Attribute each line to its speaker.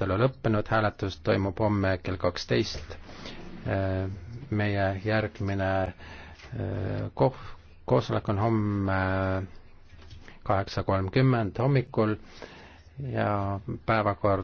Speaker 1: arutelu lõppenud, hääletus toimub homme kell kaksteist. Äh, meie järgmine äh, koh-, koosolek on homme äh, kaheksa kolmkümmend hommikul ja päevakord